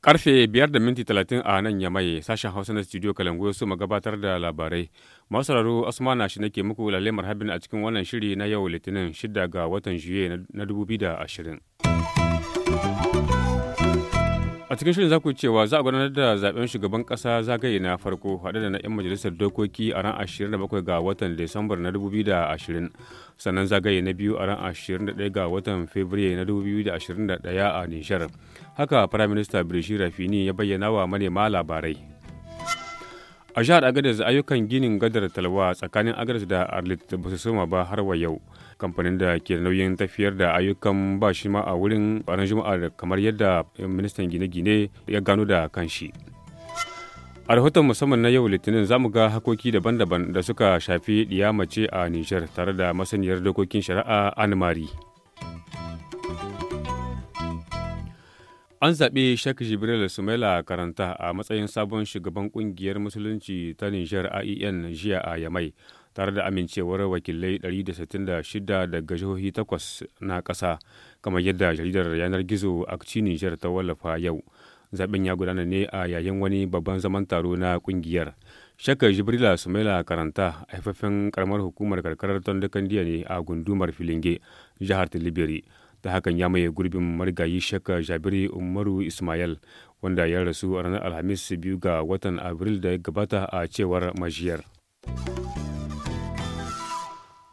Karfe 5 da minti talatin a nan ya maye sashen Hausa na studio Kalangu su gabatar da labarai. Masu raro Osmana shi nake muku lalle marhabin a cikin wannan shiri na yau Litinin 6 ga watan Juye na 2020. A cikin shirin za ku cewa za a gudanar da zaben shugaban kasa zagaye na farko haɗe da na 'yan majalisar dokoki a ran 27 ga watan Disambar na 2020 sannan zagaye na biyu a ran 21 ga watan Fabrairu na 2021 a Nishar. Haka Firaminista Birishi Rafini ya bayyana wa manema labarai. a jihar agadez ayyukan ginin gadar talwa tsakanin agadez da arlit ba su soma ba har wa yau kamfanin da ke da nauyin tafiyar da ayyukan ba shi ma a wurin ranar juma'a kamar yadda ministan gine-gine ya gano da kanshi a rahoton musamman na yau litinin za mu ga hakoki daban-daban da suka shafi ɗiyamace a nijar tare da masaniyar dokokin shari'a anmari. An zaɓi Sheikh Jibril Sumaila Karanta a matsayin sabon shugaban ƙungiyar Musulunci ta Nijar aen jiya a Yamai, tare da amincewar wakilai 166 daga jihohi takwas na ƙasa, kamar yadda jaridar yanar gizo a Nijar ta wallafa yau. Zaɓen ya gudana ne a yayin wani babban zaman taro na ƙungiyar. Shakka Jibrila Sumaila Karanta haifafen karamar hukumar karkarar Tondakan ne a gundumar Filinge, jihar Tilibiri. da hakan ya maye gurbin marigayi shaka jabiri umaru ismail wanda ya rasu a ranar alhamis biyu ga watan abril da ya gabata a cewar majiyar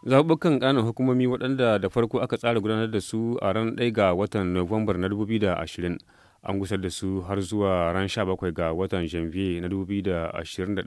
zaɓuɓɓukan ƙananan hukumomi waɗanda da farko aka tsara gudanar da su a ran 1 ga watan nuwambar na 2020 an gusar da su har zuwa ran 17 ga watan janvier na 2021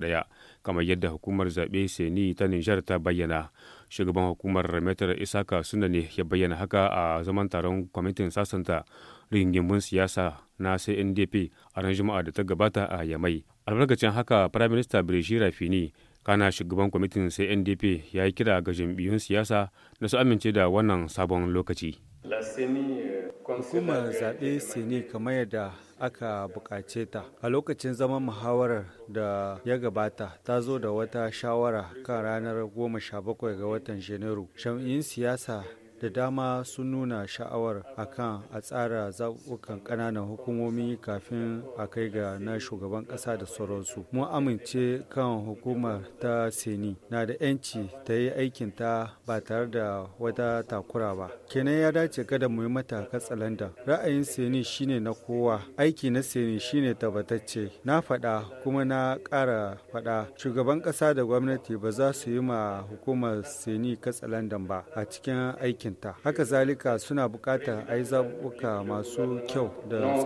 kamar yadda hukumar zaɓe seni ta nijar ta bayyana shugaban hukumar metar isaka suna ne ya bayyana haka a zaman taron kwamitin sasanta rigingimun siyasa na cndp a ran juma'a da ta gabata a yamai albarkacin haka prime minister birishi rafini kana shugaban kwamitin cndp ya yi kira ga jam'iyyun siyasa na su amince da wannan sabon lokaci eh, hukumar zaɓe sene kamar yadda aka bukace ta a lokacin zaman muhawarar da ya gabata ta zo da wata shawara kan ranar 17 ga watan janairu jam'in siyasa da dama sun nuna sha'awar akan a tsara zaɓuɓɓukan ƙananan hukumomi kafin a kai ga na shugaban ƙasa da sauransu. Mun amince kan hukumar ta Seni na da 'yanci ta yi aikin ta ba tare da wata takura ba. Kenan ya dace kada mu yi mata katsalanda. Ra'ayin Seni shine na kowa, aiki na Seni shine tabbatacce. Na faɗa kuma na ƙara faɗa shugaban ƙasa da gwamnati ba za su yi ma hukumar Seni katsalandan ba a cikin aikin aikinta haka zalika suna bukatar a yi zaɓuɓɓuka masu kyau da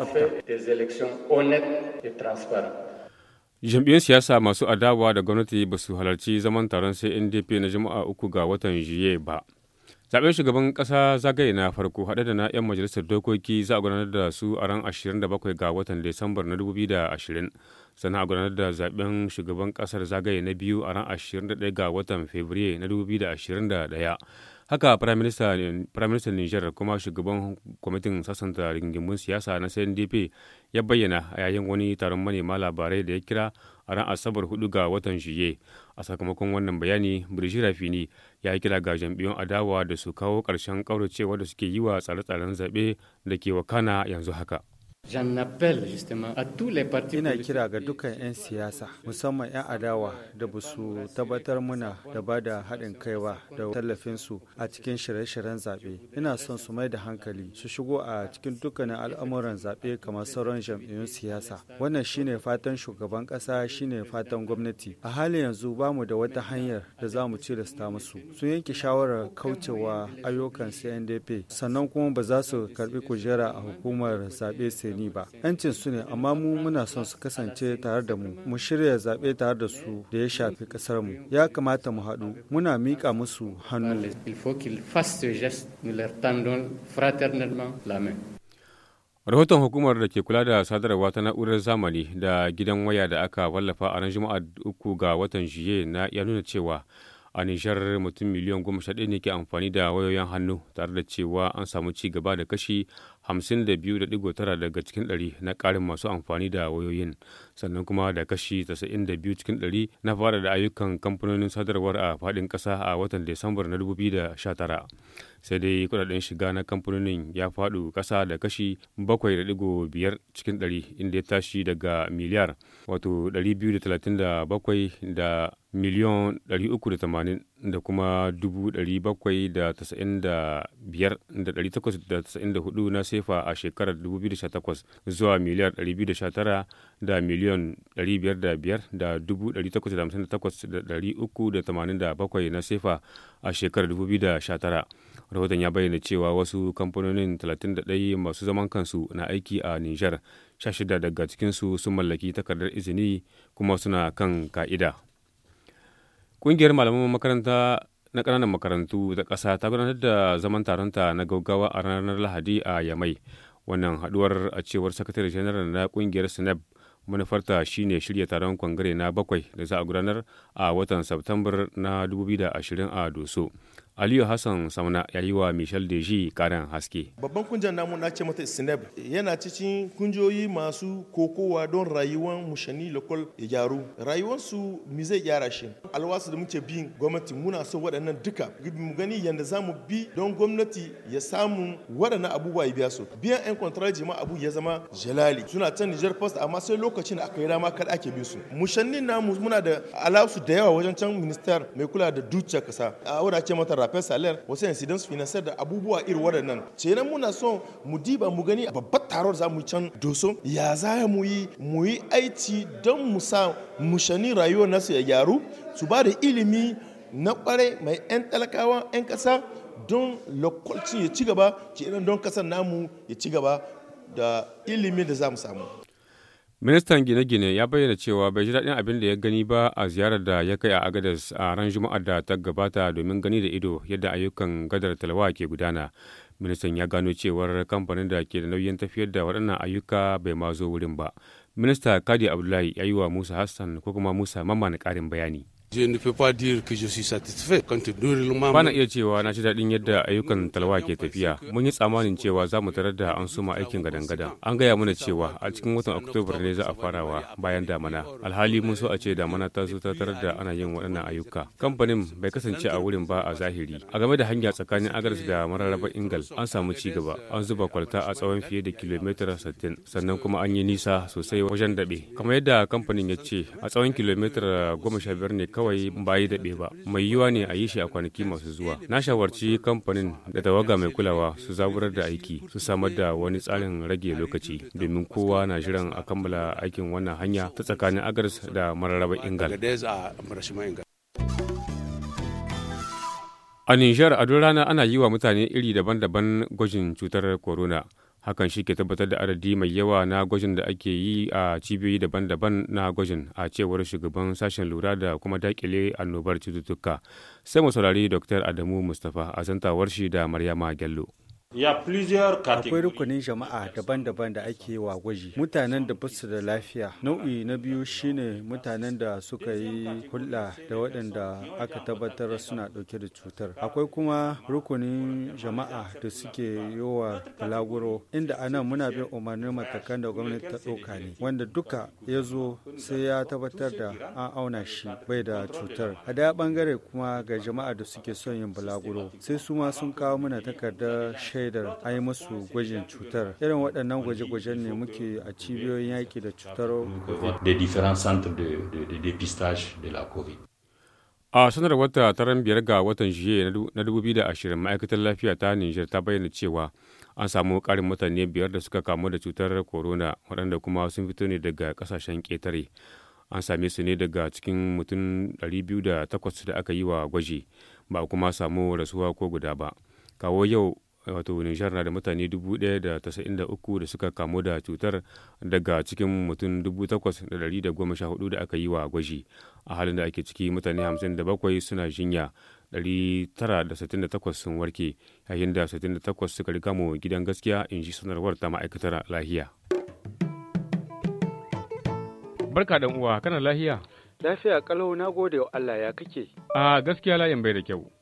tsafta jam'iyyun siyasa masu adawa da gwamnati ba su halarci zaman taron sai ndp na jama'a uku ga watan juye ba zaɓen shugaban ƙasa zagaye na farko haɗe da na 'yan majalisar dokoki za a gudanar da su a ran 27 ga watan disambar na 2020 sannan a gudanar da zaɓen shugaban ƙasar zagaye na biyu a ran 21 ga watan fabrairu na 2021 haka firaministan nijar kuma shugaban kwamitin sassanta rigingimun siyasa na cndp ya bayyana a yayin wani taron manema labarai da ya kira a ran asabar hudu ga watan shiye a sakamakon wannan bayani birjira fini ya kira ga jam'iyyun adawa da su kawo karshen ƙauracewa da suke yi wa tsare-tsaren zaɓe da ke wakana yanzu haka Ina kira ga dukkan 'yan siyasa, musamman 'yan adawa da ba su tabbatar muna da ba da haɗin kaiwa da tallafin su a cikin shirye-shiryen zaɓe. Ina son su mai da hankali su shigo a cikin dukkanin al'amuran zaɓe kamar sauran jam'iyyun siyasa. Wannan shine fatan shugaban ƙasa shine fatan gwamnati. A halin yanzu ba mu da wata hanyar da za mu da musu. Sun yanke shawarar kaucewa ayyukan CNDP sannan kuma ba za su karɓi kujera a hukumar zaɓe sai ni ba yancin su ne amma mu muna son su kasance tare da mu mu shirya zaɓe tare da su da ya shafi ƙasar mu ya kamata mu haɗu muna miƙa musu hannu rahoton hukumar da ke kula da sadarwa ta na'urar zamani da gidan waya da aka wallafa a ran juma'a uku ga watan juye na ya nuna cewa a nishar mutum miliyan goma sha ɗaya ne ke amfani da wayoyin hannu tare da cewa an samu ci gaba da kashi 52.9 daga cikin 100 na ƙarin masu amfani da wayoyin sannan kuma da kashi 92 cikin 100 na fara da ayyukan kamfanonin sadarwar a faɗin ƙasa a watan Disambar na 2019. sai dai kudaden shiga na kamfanonin ya fadu kasa da kashi 7.5 cikin 100 inda ya tashi daga miliyar wato 237 da miliyon 380 da kuma 795,894 na sefa a shekarar 2018 zuwa miliyar 219 da miliyon 505 da 858,387 na sefa a shekarar 2019 rahoton ya bayyana cewa wasu kamfanonin 31 masu zaman kansu na aiki a nijar 16 daga cikinsu sun mallaki takardar izini kuma suna kan ka'ida ƙungiyar malaman makaranta na ƙananan makarantu ta ƙasa ta gudanar da zaman taronta na gaugawa a ranar lahadi a yamai wannan haɗuwar a cewar sakatare janar na ƙungiyar snap manufarta shine shirya taron kwangare na bakwai da za a gudanar a watan Satumbar na 2020 a Doso. Aliyu Hassan Samna ya yi wa Michel Deji karen haske. Babban kunjan namu na ce mata Sineb yana cikin kunjoyi masu kokowa don rayuwar mushani lokal ya gyaru. Rayuwarsu mi zai gyara shi. Alwasu da muke bin gwamnati muna so waɗannan duka. Mu gani yadda za mu bi don gwamnati ya samu waɗannan abubuwa ya biya su. Biyan 'yan kwantarar jima abu ya zama jalali. Suna can Niger Post amma sai lokacin da aka yi rama kada ake bin su. Mushanni namu muna da alasu da yawa wajen can ministar mai kula da dukiyar kasa. A wadace mata rafin salar wasu sidan su finansar da abubuwa iri waɗannan nan muna so mu diba mu gani a babbar taron za mu can doso ya za mu yi mu yi aiki don mu sa mushani rayuwar nasu ya gyaru su ba da ilimi na kwarai mai 'yan talakawa 'yan ƙasa don lokacin ya ci gaba kenan don kasar namu ya ci gaba da ilimin da za mu samu Ministan gine-gine ya bayyana cewa bai ji daɗin abin da ya gani ba a ziyarar da ya kai a Agadez a ran Juma'ar da ta gabata domin gani da ido yadda ayyukan gadar talawa ke gudana. Ministan ya gano cewar kamfanin da ke da nauyin tafiyar da waɗannan ayyuka bai ma zo wurin ba. Minista Kadi Abdullahi ya yi wa Musa Hassan ko kuma Musa Mamman ƙarin bayani. Bana iya cewa na ji daɗin yadda ayyukan talwa ke tafiya. Mun yi tsammanin cewa za mu tarar da an suma aikin gadan-gadan. An gaya mana cewa a cikin watan Oktoba ne za a farawa bayan damana. Alhali mun so a ce damana ta zo ta tarar da ana yin waɗannan ayyuka. Kamfanin bai kasance a wurin ba a zahiri. A game da hanya tsakanin agars da mararraba Ingal an samu ci gaba. An zuba kwalta a tsawon fiye da kilomita 60 sannan kuma an yi nisa sosai wajen daɓe. Kamar yadda kamfanin ya ce a tsawon kilomita 15 ne kawai kawai ba yi daɗe ba mai yiwuwa ne a yi shi a kwanaki masu zuwa na shawarci kamfanin da tawaga mai kulawa su zaburar da aiki su samar da wani tsarin rage lokaci domin kowa na jiran a kammala aikin wannan hanya ta tsakanin agars da mararraba ingal a nijar a duk rana ana yi wa mutane iri daban-daban gwajin cutar corona hakan shi ke tabbatar da adadi mai yawa na gwajin da ake yi a cibiyoyi daban-daban na gwajin a cewar shugaban sashen lura da kuma dakile annobar cututtuka sai mu saurari dr adamu mustapha a santawar shi da maryama gello Akwai rukunin jama'a daban-daban da ake wa gwaji. Mutanen da basu da lafiya. Nau'i na biyu shine mutanen da suka yi hulɗa da waɗanda aka tabbatar suna ɗauke da cutar. Akwai kuma rukunin jama'a da suke yowa balaguro inda anan muna bin umarnin matakan da gwamnati ta ɗauka ne wanda duka ya zo sai ya tabbatar da an auna shi bai da cutar. A daya bangare kuma ga jama'a da suke son yin balaguro sai su ma sun kawo mana takardar shaidar a yi masu gwajin cutar irin waɗannan gwaje-gwajen ne muke a cibiyoyin yaƙi da cutar a sanar wata taron biyar ga watan juye na 2020 ma'aikatar lafiya ta nijar ta bayyana cewa an samu ƙarin mutane biyar da suka kamu da cutar corona waɗanda kuma sun fito ne daga ƙasashen ƙetare an same su ne daga cikin mutum 208 da aka yi wa gwaji ba kuma samu rasuwa ko guda ba kawo yau wato Nijar na da mutane 1,093 da suka kamu da cutar daga cikin mutum 8,114 da aka yi wa gwaji. A halin da ake ciki mutane 57 suna jinya 968 sun warke yayin da 68 suka riga mu gidan gaskiya in ji sanarwar ta ma'aikatar lahiya. Barka dan uwa kana lahiya? Lafiya kalau na gode wa Allah ya kake. A gaskiya layin bai da kyau.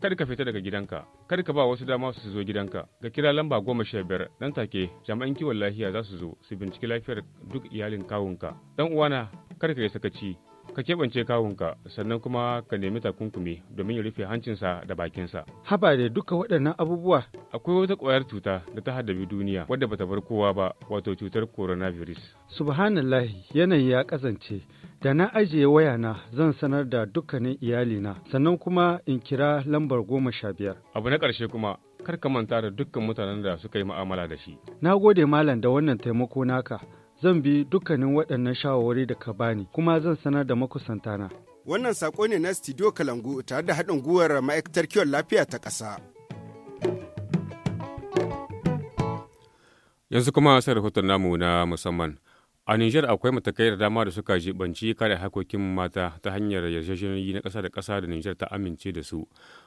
kada ka fita daga gidanka kada ka ba wasu dama su zo gidanka ga kira lamba goma sha biyar nan take jami'an kiwon lafiya za su zo su binciki lafiyar duk iyalin kawunka dan uwana kada ka yi sakaci ka keɓance kawunka sannan kuma ka nemi takunkumi domin ya rufe hancinsa da bakinsa. Haba da duka waɗannan abubuwa. Akwai wata ƙwayar cuta da ta haddabi duniya wadda bata bar kowa ba wato cutar coronavirus. Subhanallah yanayi ya kasance Da na ajiye wayana zan sanar da dukkanin iyalina sannan kuma in kira lambar goma sha biyar. Abu na ƙarshe kuma kar ka manta da dukkan mutanen da suka yi ma'amala da shi. Na gode malam da wannan taimako naka. Zan bi dukkanin waɗannan shawarwari da ka bani kuma zan sanar da makusantana. Wannan saƙo ne na Studio Kalangu tare da haɗin gwiwar ma'aikatar kiwon lafiya ta ƙasa. Yanzu kuma sai rahoton namu na musamman. A Niger akwai matakai da dama da suka jibanci kare hakokin mata ta hanyar yarjejeniyoyi na kasa da kasa da Niger ta amince da su.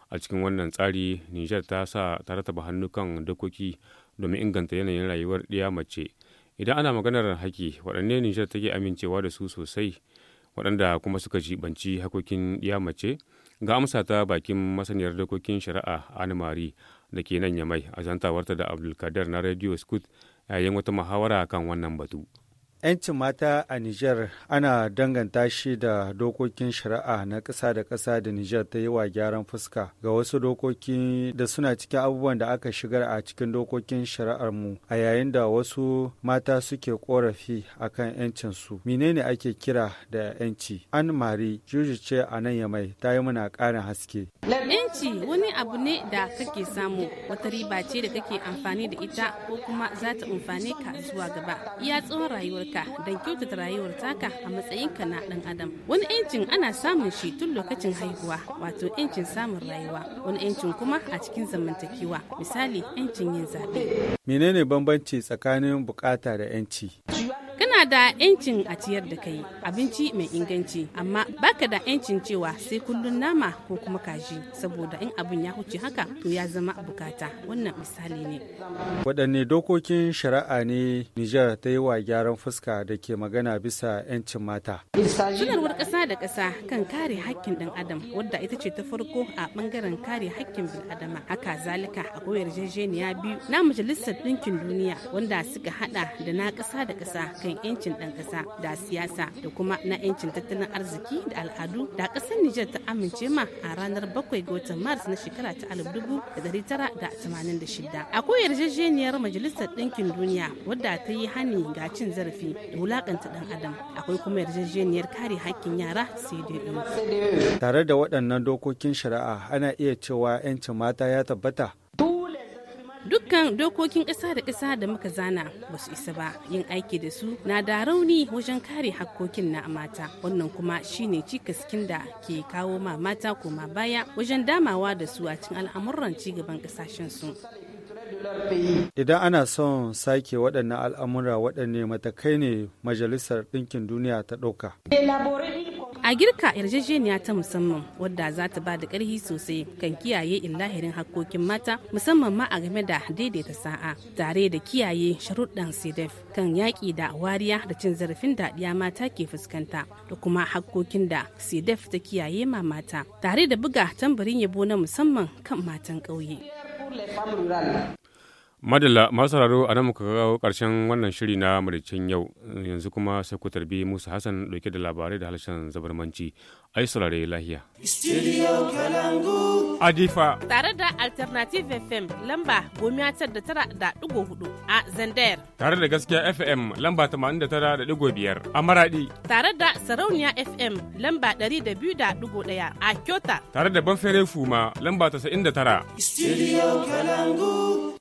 A cikin wannan tsari, Niger ta sa ta rataba hannu kan dokoki domin inganta yanayin rayuwar ɗiya mace. Idan ana maganar haƙƙi, waɗanne Nijar take amincewa da su sosai, waɗanda kuma suka jibanci hakokin ɗiya mace? Ga amsa ta bakin masaniyar dokokin shari'a Anne da ke nan Yamai a zantawarta da Abdulkader na Radio Scoot yayin wata muhawara kan wannan batu. 'yancin mata a Nijar ana danganta shi da dokokin shari'a na ƙasa da ƙasa da Nijar ta yi wa gyaran fuska ga wasu dokoki da suna cikin abubuwan da aka shigar a cikin dokokin shari'ar mu a yayin da wasu mata suke korafi akan 'yancin su. Menene ake kira da 'yanci? An Mari juji ce a nan Yamai ta yi mana karin haske. 'Yanci wani abu ne da kake samu wata riba ce da kake amfani da ita ko kuma za ta ka zuwa gaba iya tsawon rayuwar ka don kyautata rayuwar taka a matsayin na dan adam wani yancin ana samun shi tun lokacin haihuwa wato yancin samun rayuwa wani yancin kuma a cikin zamantakewa misali yancin yin zaɓe menene bambanci tsakanin bukata da yanci da 'yancin a ciyar da kai abinci mai inganci amma baka da 'yancin cewa sai kullun nama ko kuma kaji saboda in abin ya huce haka to ya zama bukata wannan misali ne waɗanne dokokin shari'a ne Nijar ta yi wa gyaran fuska da ke magana bisa 'yancin mata sunarwar ƙasa da ƙasa kan kare hakkin ɗan adam wadda ita ce ta farko a ɓangaren kare hakkin adama haka zalika a koyar yarjejeniya biyu na majalisar ɗinkin duniya wanda suka hada da na ƙasa da kasa kan 'yancin ɗan ƙasa da siyasa da kuma na 'yancin tattalin arziki da al'adu da ƙasar Nijar ta amince ma a ranar 7 ga watan Maris na shekara ta 1986. Akwai yarjejeniyar Majalisar Ɗinkin Duniya wadda ta yi hani ga cin zarafi da wulakanta ɗan adam. Akwai kuma yarjejeniyar kare haƙƙin yara CDU. E. Tare da waɗannan dokokin shari'a ana iya cewa 'yancin mata ya tabbata dukkan dokokin ƙasa da ƙasa da muka zana ba su isa ba yin aiki da su na da rauni wajen kare hakkokin na mata wannan kuma shine cikaskin da ke kawo ma mata koma baya wajen damawa da su a cikin al'amuran cigaban ƙasashen su Idan ana son sake waɗannan al'amura waɗanne matakai ne Majalisar Ɗinkin Duniya ta ɗauka. a girka yarjejeniya ta musamman wadda za ta ba da ƙarhi sosai kan kiyaye illahirin hakkokin mata musamman ma a game da daidaita sa'a tare da kiyaye sharuɗɗan sedef kan yaƙi da wariya da cin zarafin da ɗiya mata ke fuskanta da kuma hakkokin da sedef ta kiyaye ma mata tare da buga tambarin yabo na musamman kan matan ƙauye. Madalla masu sauraro a nan muka kawo ƙarshen wannan shiri na maricin yau yanzu kuma sai ku tarbi Musa Hassan dauke da labarai da harshen zabarmanci ai saurare lahiya. Studio Kalangu. Adifa. Tare da Alternative FM lamba gomiya tar da tara da ɗigo hudu a Zandayar. Tare da gaskiya FM lamba tamanin da tara da ɗigo biyar a Maradi. Tare da Sarauniya FM lamba ɗari da biyu da ɗigo ɗaya a Kyota. Tare da Banfere Fuma lamba tasa'in da tara. Studio Kalangu.